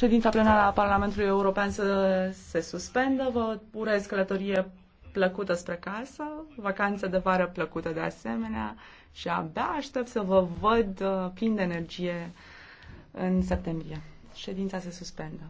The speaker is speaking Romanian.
Ședința plenară a Parlamentului European să se suspendă. Vă urez călătorie plăcută spre casă, vacanță de vară plăcută de asemenea și abia aștept să vă văd uh, plin de energie în septembrie. Ședința se suspendă.